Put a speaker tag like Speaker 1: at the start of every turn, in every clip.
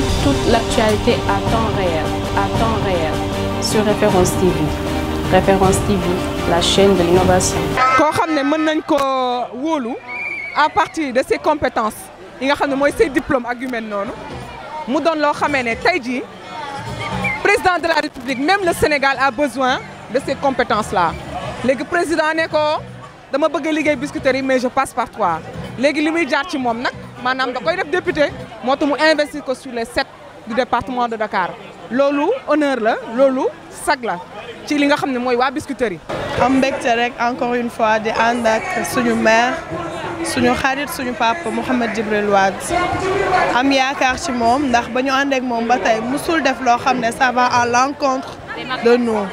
Speaker 1: toute, l'actualité à temps réel, à temps réel,
Speaker 2: sur Référence TV. Référence TV, la chaîne de l'innovation.
Speaker 1: koo xam ne nañ à partir de ses compétences il a xam ne ses diplômes ak yu le président de la République même le Sénégal a besoin de ces compétences là Le président ne ko dama bëgg biscuiterie mais je passe par toi léegi li jaar ci moom député. Moi, tout mon investir que sur les sept du département de Dakar Lolo, honneur là, Lolo, sagla. la
Speaker 3: ci li nga xam ne Biscuiterie yi. am rek encore une fois de andak ak suñu maire suñu xarit suñu papa Mouhamed Djibril Wad am yaakar ci mom ndax bañu ñu ak mom batay musul def lo ça va à l'encontre de nous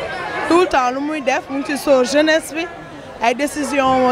Speaker 3: tout le temps lu muy def mu ci so jeunesse bi ay décision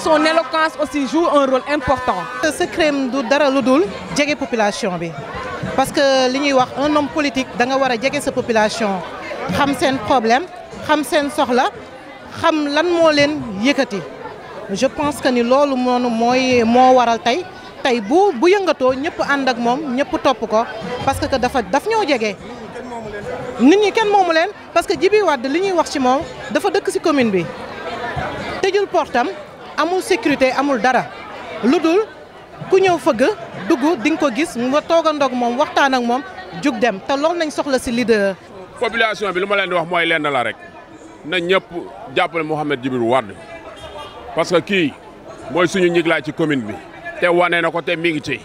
Speaker 1: son
Speaker 2: éloquence aussi joue un rôle important. ce crime du dara lu dul jege population bi parce que li wax un homme politique da nga wara a sa population xam seen problème xam seen soxla xam lan moo leen yëkkati je pense que ni loolu moonu mooy moo waral tey tey bu bu yëngatoo ñëpp ànd ak moom ñëpp topp ko parce que dafa daf ñoo jege. nit ñi kenn moomu leen parce que Djibi Wade li ñuy wax ci moom dafa dëkk ci commune bi tëjul portam amul sécurité amul dara lu ku ñew feug duggu ding ko gis nga toogandoog mom waxtaan ak mom juk dem te lool nañ soxla ci leader.
Speaker 4: population bi luma ma leen di wax moy lenn la rek na ñëpp jàppale mohammed jibril wad parce que ki moy suñu njiglaay ci commune bi te wané nako ko te mi ngi ci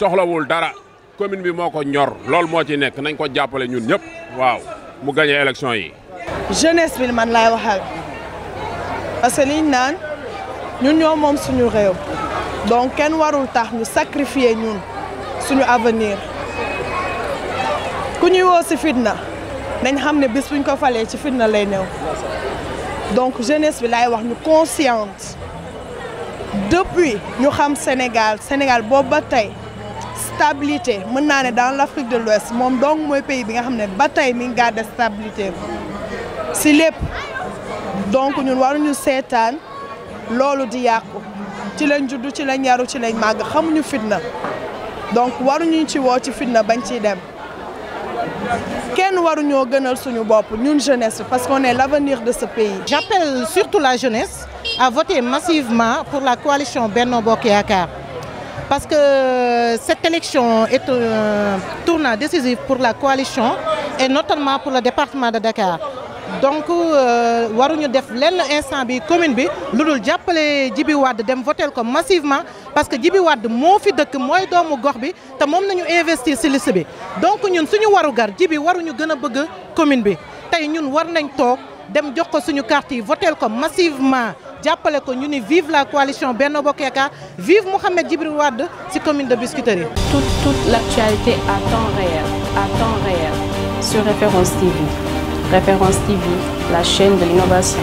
Speaker 4: wul dara commune bi moko ñor lool mo ci nekk nañ ko jappalé ñun ñëpp waaw mu gagné élection yi.
Speaker 3: jeunesse bi man lay waxal parce que liñ naan nous sommes les rêve. Donc, nous ce qu'on Nous sacrifier nous, notre avenir. Quand nous sommes fidèles, nous avons des choses nous font être fidèles. Donc, la jeunesse, nous sommes conscientes. Depuis, nous sommes au Sénégal. Le Sénégal, c'est une bataille. Stabilité. sommes dans l'Afrique de l'Ouest, Nous donc mon pays qui a une bataille la stabilité. C'est tout. Donc, nous devons nous s'éteindre lolu di yàqu ci lañ juddu ci lañ yaru ci lañ xamuñu fitna donc ñu ci wo ci fitna bañ ci dem waru ñoo gënal suñu bopp ñun jeunesse parce
Speaker 2: qu'on est l'avenir de ce pays. J'appelle surtout la jeunesse à voter massivement pour la coalition Benno Bokk parce que euh, cette élection est un tournant décisif pour la coalition et notamment pour le département de Dakar donc euh, waruñu def lenn instant bi commune bi lu jappelé Djibi Wade dem voter ko massivement parce que Djibi Wade mo fi deuk moy doomu gox bi té mom nañu investir ci liste bi donc ñun suñu gar Djibi waruñu gëna bëgg commune bi tay ñun war nañ tok dem jox ko suñu carte voter ko massivement jappelé ko ñu ni vive la coalition Benno bokeka vive mohamed Djibril Wade ci commune de Biscuiterie. toute toute l'actualité à temps réel à temps réel sur Référence TV. Référence TV, la chaîne de l'innovation.